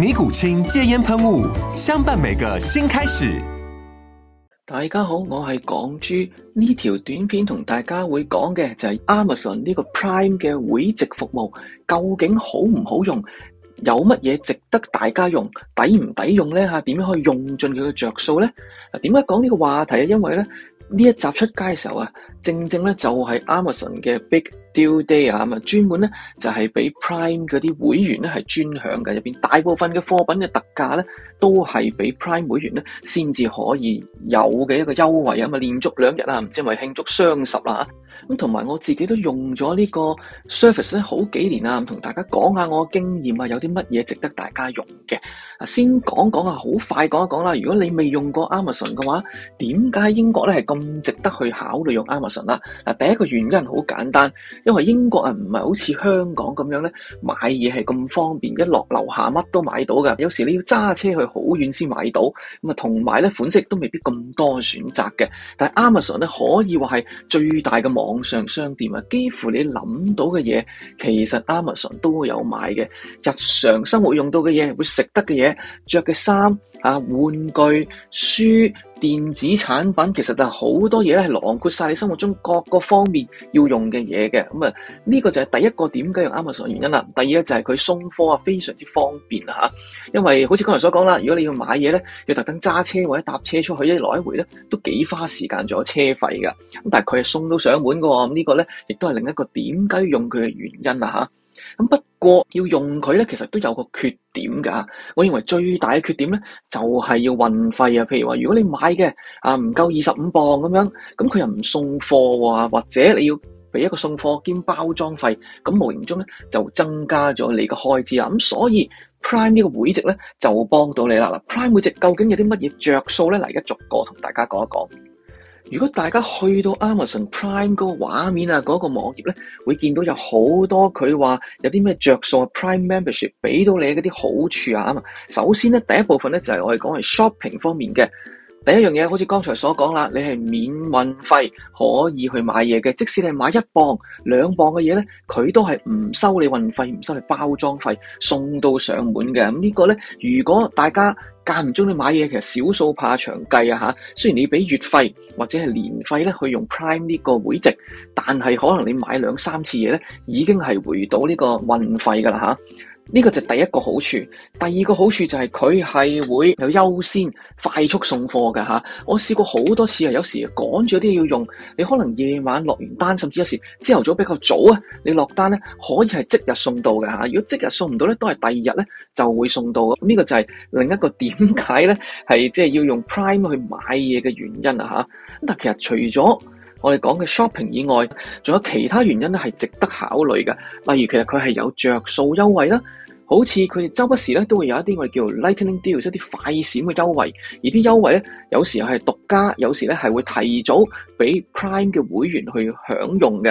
尼古清戒煙噴霧，相伴每個新開始。大家好，我係港豬。呢條短片同大家會講嘅就係 Amazon 呢個 Prime 嘅會籍服務，究竟好唔好用？有乜嘢值得大家用？抵唔抵用咧？吓，點樣可以用盡佢嘅着數咧？嗱，點解講呢個話題啊？因為咧，呢一集出街嘅時候啊，正正咧就係 Amazon 嘅 Big Deal Day 啊，咁啊專門咧就係俾 Prime 嗰啲會員咧係專享嘅入邊大部分嘅貨品嘅特價咧都係俾 Prime 會員咧先至可以有嘅一個優惠啊，咁啊連續兩日啊，唔知係咪慶祝雙十啦嚇咁同埋我自己都用咗呢個 service 咧好幾年啊，同大家講下我經驗啊，有啲乜嘢值得大家用嘅啊，先講講啊，好快講一講啦。如果你未用過 Amazon 嘅話，點解英國咧係咁值得去考慮用 Amazon 啦？嗱，第一個原因好簡單，因為英國啊唔係好似香港咁樣咧買嘢係咁方便，一落樓下乜都買到嘅。有時你要揸車去好遠先買到，咁啊同埋咧款式都未必咁多選擇嘅。但係 Amazon 咧可以話係最大嘅網網上商店啊，幾乎你諗到嘅嘢，其實 Amazon 都有買嘅。日常生活用到嘅嘢，會食得嘅嘢，着嘅衫。啊，玩具、書、電子產品，其實就係好多嘢咧，係囊括晒你生活中各個方面要用嘅嘢嘅。咁、嗯、啊、呢、這個就係第一個點解用 Amazon 嘅原因啦。第二咧就係佢送貨啊，非常之方便啦、啊、因為好似剛才所講啦，如果你要買嘢咧，要特登揸車或者搭車出去一來一回咧，都幾花時間仲有車費噶。咁但係佢係送到上門嘅喎，咁、嗯、這個、呢個咧亦都係另一個點解要用佢嘅原因啦、啊咁不過要用佢咧，其實都有個缺點㗎。我認為最大嘅缺點咧，就係要運費啊。譬如話，如果你買嘅啊唔夠二十五磅咁樣，咁佢又唔送貨喎，或者你要俾一個送貨兼包裝費，咁無形中咧就增加咗你嘅開支啊。咁所以 Prime 呢個會籍咧就幫到你啦。嗱，Prime 會籍究竟有啲乜嘢着數咧？而家逐個同大家講一講。如果大家去到 Amazon Prime 個畫面啊，嗰個網頁咧，會見到有好多，佢話有啲咩着數啊，Prime Membership 俾到你嗰啲好處啊。首先咧，第一部分咧就係我哋講係 shopping 方面嘅。第一樣嘢，好似剛才所講啦，你係免運費可以去買嘢嘅，即使你買一磅、兩磅嘅嘢呢，佢都係唔收你運費、唔收你包裝費，送到上門嘅。咁、這、呢個呢，如果大家間唔中你買嘢，其實少數怕長計啊吓。雖然你俾月費或者係年費呢去用 Prime 呢個會籍，但係可能你買兩三次嘢呢已經係回到呢個運費噶啦吓。呢、這個就是第一個好處，第二個好處就係佢係會有優先快速送貨嘅吓。我試過好多次啊，有時趕住有啲要用，你可能夜晚落完單，甚至有時朝頭早比較早啊，你落單咧，可以係即日送到嘅吓。如果即日送唔到咧，都係第二日咧就會送到的。咁、這、呢個就係另一個點解咧係即係要用 Prime 去買嘢嘅原因啊吓。咁但其實除咗我哋講嘅 shopping 以外，仲有其他原因咧係值得考慮嘅。例如其實佢係有著數優惠啦，好似佢哋周不時咧都會有一啲我哋叫做 lightning deals，一啲快閃嘅優惠，而啲優惠咧有時候係獨家，有時咧係會提早俾 Prime 嘅會員去享用嘅。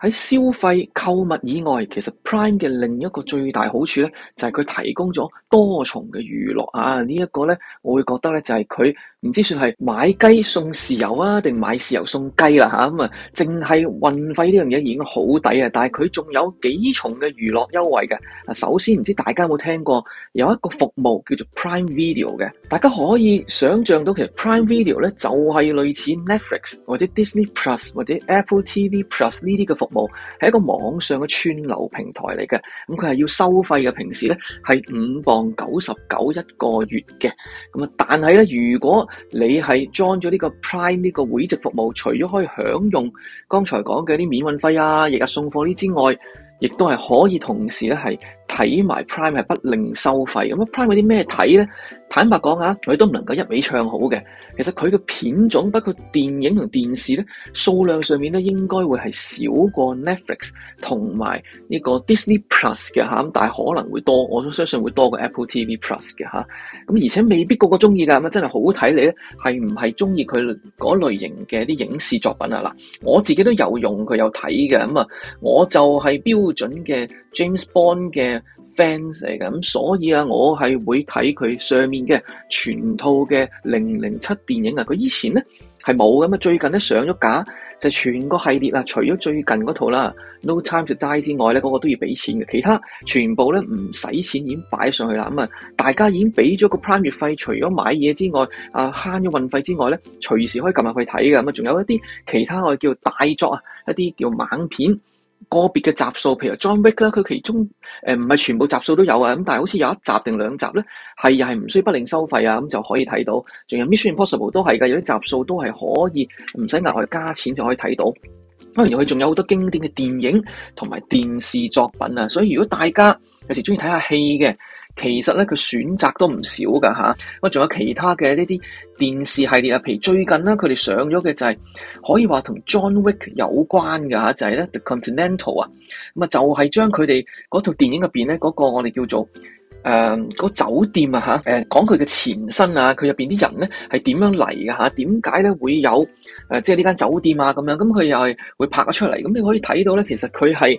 喺消費購物以外，其實 Prime 嘅另一個最大好處咧，就係佢提供咗多重嘅娛樂啊！呢一個咧，我會覺得咧就係佢唔知算係買雞送豉油啊，定買豉油送雞啦咁啊，淨係運費呢樣嘢已經好抵啊！但係佢仲有幾重嘅娛樂優惠嘅啊！首先唔知大家有冇聽過有一個服務叫做 Prime Video 嘅，大家可以想像到其實 Prime Video 咧就係類似 Netflix 或者 Disney Plus 或者 Apple TV Plus 呢啲嘅。服務係一個網上嘅串流平台嚟嘅，咁佢係要收費嘅，平時咧係五磅九十九一個月嘅，咁啊，但係咧如果你係裝咗呢個 Prime 呢個會籍服務，除咗可以享用剛才講嘅啲免運費啊，日日送貨呢之外，亦都係可以同時咧係。是睇埋 Prime 係不另收費咁啊！Prime 嗰啲咩睇咧？坦白講嚇，佢都唔能夠一味唱好嘅。其實佢嘅片種，包括電影同電視咧，數量上面咧應該會係少過 Netflix 同埋呢個 Disney Plus 嘅嚇。咁但係可能會多，我都相信會多過 Apple TV Plus 嘅嚇。咁而且未必個個中意㗎，咁真係好睇你咧，係唔係中意佢嗰類型嘅啲影視作品啊？嗱，我自己都有用佢有睇嘅，咁啊，我就係標準嘅。James Bond 嘅 fans 嚟嘅，咁所以啊，我係會睇佢上面嘅全套嘅《零零七》電影啊。佢以前咧係冇嘅。咁啊，最近咧上咗架，就係、全個系列啦，除咗最近嗰套啦《No Time to Die》之外咧，嗰、嗰個都要俾錢嘅，其他全部咧唔使錢，已經擺上去啦。咁啊，大家已經俾咗個 Prime 月費，除咗買嘢之外，啊，慳咗運費之外咧，隨時可以撳入去睇㗎。咁啊，仲有一啲其他我哋叫大作啊，一啲叫猛片。個別嘅集數，譬如《John Wick》啦，佢其中誒唔係全部集數都有啊，咁但係好似有一集定兩集咧，係又係唔需要不另收費啊，咁就可以睇到。仲有《Mission Impossible》都係嘅，有啲集數都係可以唔使額外加錢就可以睇到。當然，佢仲有好多經典嘅電影同埋電視作品啊，所以如果大家有時鍾意睇下戲嘅。其實咧，佢選擇都唔少噶嚇，咁仲有其他嘅呢啲電視系列啊，譬如最近咧，佢哋上咗嘅就係、是、可以話同 John Wick 有關㗎，就係、是、咧 The Continental 啊，咁啊就係將佢哋嗰套電影入面咧嗰、那個我哋叫做誒、呃那個酒店啊嚇，講佢嘅前身啊，佢入面啲人咧係點樣嚟㗎？嚇？點解咧會有、呃、即係呢間酒店啊咁樣？咁佢又係會拍咗出嚟，咁你可以睇到咧，其實佢係。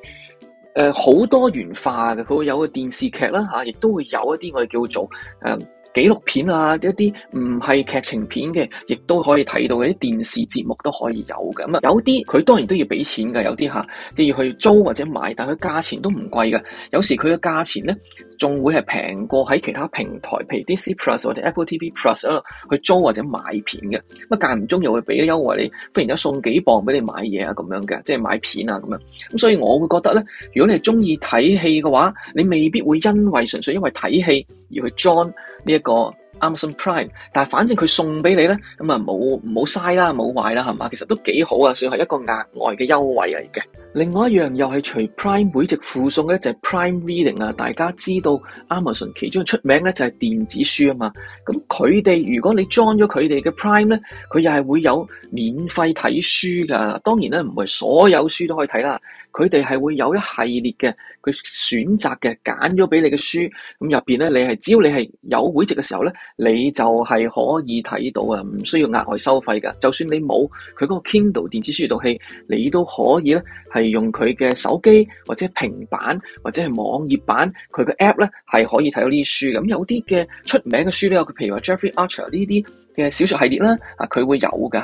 誒、呃、好多元化嘅，佢會有個電視劇啦嚇，亦、啊、都會有一啲我哋叫做誒、嗯紀錄片啊，一啲唔係劇情片嘅，亦都可以睇到嘅啲電視節目都可以有嘅。咁啊，有啲佢當然都要俾錢嘅，有啲嚇，例如去租或者買，但佢價錢都唔貴嘅。有時佢嘅價錢咧，仲會係平過喺其他平台，譬如啲 C Plus 或者 Apple TV Plus 度，去租或者買片嘅。咁啊，間唔中又會俾咗優惠你，忽然有送幾磅俾你買嘢啊，咁樣嘅，即係買片啊咁樣。咁所以我會覺得咧，如果你係中意睇戲嘅話，你未必會因為純粹因為睇戲，要去 join 呢一個 Amazon Prime，但係反正佢送俾你咧，咁啊咪唔好嘥啦，冇壞啦，係嘛？其實都幾好啊，算係一個額外嘅優惠嚟嘅。另外一樣又係隨 Prime 會籍附送嘅就係、是、Prime Reading 啊！大家知道 Amazon 其中出名咧就係電子書啊嘛。咁佢哋如果你 join 咗佢哋嘅 Prime 咧，佢又係會有免費睇書㗎。當然咧唔係所有書都可以睇啦，佢哋係會有一系列嘅佢選擇嘅揀咗俾你嘅書。咁入邊咧你係只要你係有會籍嘅時候咧，你就係可以睇到啊，唔需要額外收費㗎。就算你冇佢嗰個 Kindle 電子書閱讀器，你都可以咧係。用佢嘅手機或者平板或者係網頁版，佢嘅 app 咧，係可以睇到呢啲書。咁。有啲嘅出名嘅書咧，佢譬如話 Jeffrey Archer 呢啲。嘅小説系列啦，啊佢會有㗎。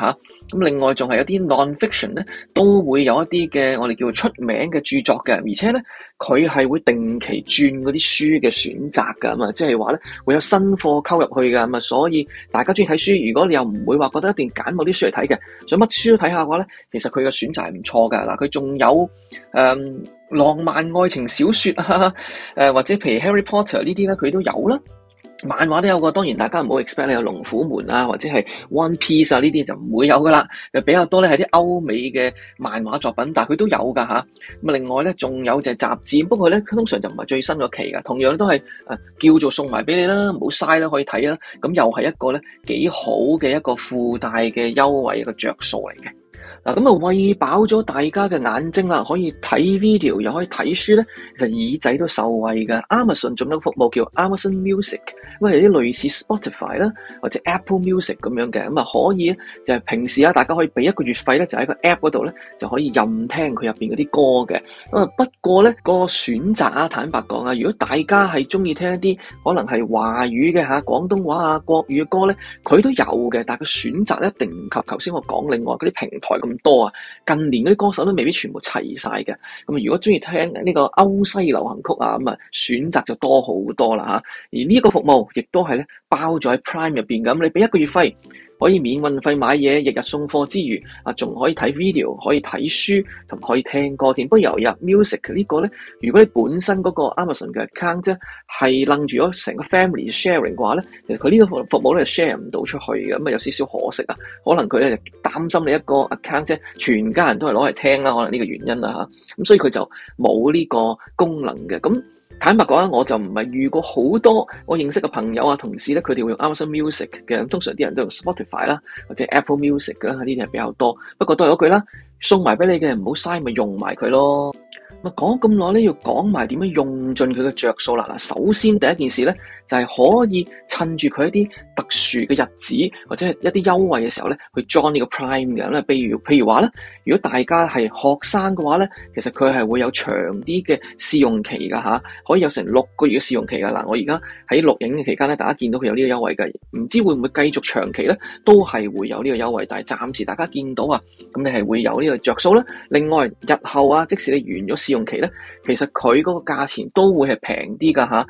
咁另外仲係有啲 non-fiction 咧，都會有一啲嘅我哋叫出名嘅著作嘅，而且咧佢係會定期轉嗰啲書嘅選擇㗎。咁啊，即係話咧會有新貨溝入去㗎。咁啊，所以大家中意睇書，如果你又唔會話覺得一定揀某啲書嚟睇嘅，想乜書都睇下嘅話咧，其實佢嘅選擇係唔錯㗎。嗱、啊，佢仲有誒、嗯、浪漫愛情小説啊，啊，或者譬如 Harry Potter 呢啲咧，佢都有啦。漫畫都有個，當然大家唔好 expect 你有龍虎門啊，或者係 One Piece 啊呢啲就唔會有噶啦。又比較多咧係啲歐美嘅漫畫作品，但係佢都有噶吓。咁另外咧仲有就係雜誌，不過咧佢通常就唔係最新個期噶，同樣都係叫做送埋俾你啦，唔好嘥啦，可以睇啦。咁又係一個咧幾好嘅一個附帶嘅優惠，一個着數嚟嘅。嗱咁啊，餵飽咗大家嘅眼睛啦，可以睇 video，又可以睇書咧。其實耳仔都受惠嘅。Amazon 仲有個服務叫 Amazon Music，咁啊有啲類似 Spotify 啦，或者 Apple Music 咁樣嘅，咁啊可以就係、是、平時啊，大家可以俾一個月費咧，就喺個 app 嗰度咧就可以任聽佢入邊嗰啲歌嘅。咁啊不過咧、那個選擇啊，坦白講啊，如果大家係中意聽一啲可能係華語嘅吓、啊，廣東話啊、國語嘅歌咧，佢都有嘅，但係佢選擇一定唔及頭先我講另外嗰啲平台咁多啊，近年嗰啲歌手都未必全部齊晒嘅，咁如果中意聽呢個歐西流行曲啊，咁啊選擇就多好多啦吓，而呢個服務亦都係咧包咗喺 Prime 入邊，咁，你俾一個月費。可以免運費買嘢，日日送貨之餘啊，仲可以睇 video，可以睇書同可以聽歌添。不過由入 music 個呢個咧，如果你本身嗰個 Amazon 嘅 account 啫係楞住咗成個 family sharing 嘅話咧，其實佢呢個服服務咧 share 唔到出去嘅，咁啊，有少少可惜啊。可能佢咧就擔心你一個 account 啫，全家人都係攞嚟聽啦，可能呢個原因啦，嚇，咁，所以佢就冇呢個功能嘅咁。坦白講我就唔係遇過好多我認識嘅朋友啊、同事咧，佢哋會用 Amazon Music 嘅，通常啲人都用 Spotify 啦，或者 Apple Music 嘅啦，呢啲係比較多。不過都係嗰句啦，送埋俾你嘅唔好嘥，咪用埋佢咯。咪講咁耐咧，要講埋點樣用盡佢嘅着數啦。首先第一件事咧。就係、是、可以趁住佢一啲特殊嘅日子，或者係一啲優惠嘅時候咧，去 join 呢個 Prime 嘅咧。比如，譬如話咧，如果大家係學生嘅話咧，其實佢係會有長啲嘅試用期噶吓，可以有成六個月嘅試用期噶嗱，我而家喺錄影嘅期間咧，大家見到佢有呢個優惠噶，唔知會唔會繼續長期咧，都係會有呢個優惠。但係暫時大家見到啊，咁你係會有呢個着數咧。另外，日後啊，即使你完咗試用期咧，其實佢嗰個價錢都會係平啲噶吓。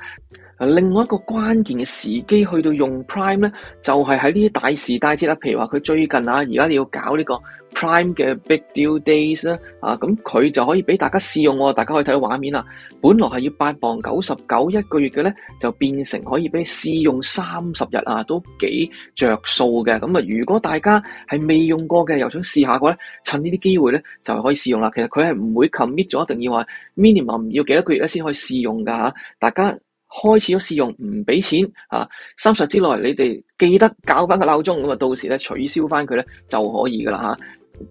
另外一個關鍵嘅時機，去到用 Prime 咧，就係喺呢啲大時大節啦。譬如話佢最近啊，而家你要搞呢個 Prime 嘅 Big Deal Days 啦、啊，啊咁佢就可以俾大家試用喎、哦。大家可以睇到畫面啦，本來係要八磅九十九一個月嘅咧，就變成可以俾你試用三十日啊，都幾着數嘅。咁啊，如果大家係未用過嘅，又想試下嘅咧，趁呢啲機會咧，就可以試用啦。其實佢係唔會 commit 咗，一定要話 minimum 要幾多個月咧先可以試用㗎、吓、大家。開始咗試用唔俾錢啊！三十之內你哋記得搞翻個鬧鐘，咁啊到時咧取消翻佢咧就可以噶啦嚇。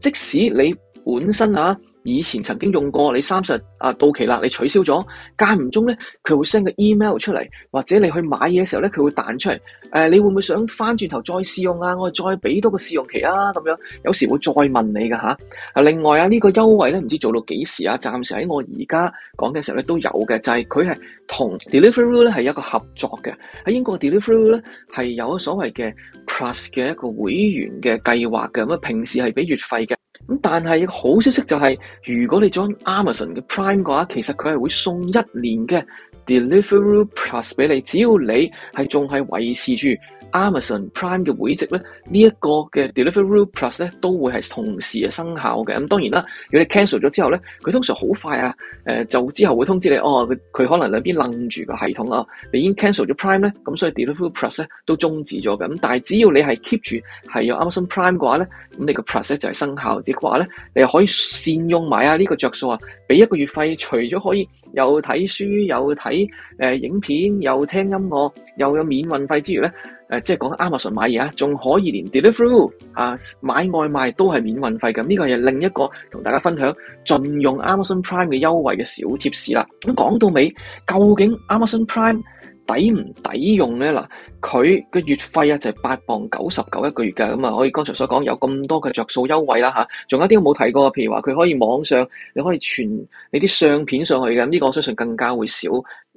即使你本身啊以前曾經用過，你三十啊到期啦，你取消咗間唔中咧，佢會 send 個 email 出嚟，或者你去買嘢嘅時候咧，佢會彈出嚟、啊。你會唔會想翻轉頭再試用啊？我再俾多個試用期啊咁樣，有時會再問你㗎。啊另外啊，呢個優惠咧唔知做到幾時啊？暫時喺我而家講嘅時候咧都有嘅，就係佢係。同 Deliveroo 係一個合作嘅，喺英國 Deliveroo 係有所謂嘅 Plus 嘅一個會員嘅計劃嘅，咁啊平時係俾月費嘅，咁但係一個好消息就係、是，如果你裝 Amazon 嘅 Prime 嘅話，其實佢係會送一年嘅 Deliveroo Plus 俾你，只要你係仲係維持住 Amazon Prime 嘅會籍咧，這個、的呢一個嘅 Deliveroo Plus 咧都會係同時嘅生效嘅。咁、嗯、當然啦，如果你 cancel 咗之後咧，佢通常好快啊、呃，就之後會通知你，哦，佢可能兩邊愣住個系統啊、哦，你已經 cancel 咗 Prime 咧，咁所以 Deliveroo Plus 咧都中止咗嘅。咁、嗯、但係只要你係 keep 住係有 Amazon Prime 嘅話咧，咁你個 Plus 咧就係、是、生效呢，即係話咧你又可以善用埋啊呢個著數啊，俾、這個啊、一個月費，除咗可以又睇書又睇、呃、影片又聽音樂又有免運費之餘咧。誒即係講 Amazon 買嘢啊，仲可以連 Deliveroo 啊買外賣都係免運費咁，呢個係另一個同大家分享盡用 Amazon Prime 嘅優惠嘅小貼士啦。咁講到尾，究竟 Amazon Prime 抵唔抵用咧？嗱，佢個月費啊就係八磅九十九一個月㗎，咁啊可以剛才所講有咁多嘅着數優惠啦吓，仲有一啲我冇提過，譬如話佢可以網上你可以傳你啲相片上去嘅，呢個我相信更加會少。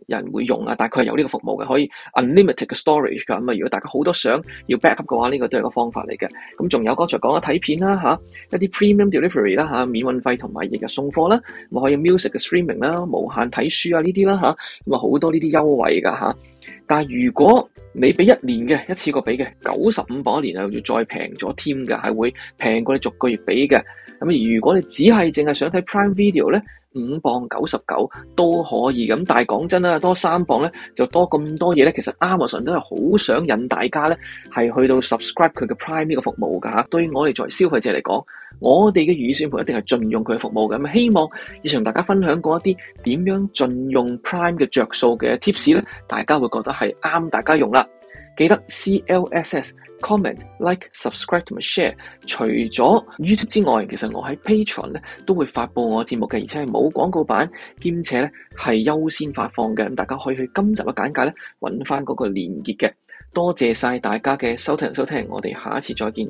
人會用啊，大概佢係有呢個服務嘅，可以 unlimited storage 咁啊。如果大家好多想要 backup 嘅話，呢、這個都係個方法嚟嘅。咁仲有剛才講咗睇片啦，一啲 premium delivery 啦嚇，免運費同埋翌日送貨啦。咁可以 music 嘅 streaming 啦，無限睇書啊呢啲啦嚇，咁啊好多呢啲優惠㗎吓，但如果你俾一年嘅，一次過俾嘅九十五磅一年啊，要再平咗添㗎，係會平過你逐個月俾嘅。咁如果你只係淨係想睇 Prime Video 咧？五磅九十九都可以咁，但係講真啦，多三磅咧就多咁多嘢咧。其實 Amazon 都係好想引大家咧，係去到 subscribe 佢嘅 Prime 呢個服務噶吓。對於我哋作為消費者嚟講，我哋嘅預算盤一定係盡用佢嘅服務嘅咁。希望以前同大家分享過一啲點樣盡用 Prime 嘅着數嘅 tips 咧，大家會覺得係啱大家用啦。記得 CLSS comment like subscribe and share。除咗 YouTube 之外，其實我喺 Patreon 咧都會發佈我節目嘅，而且係冇廣告版，兼且咧係優先發放嘅。咁大家可以去今集嘅簡介咧揾翻嗰個連結嘅。多謝晒大家嘅收聽收聽，我哋下一次再見。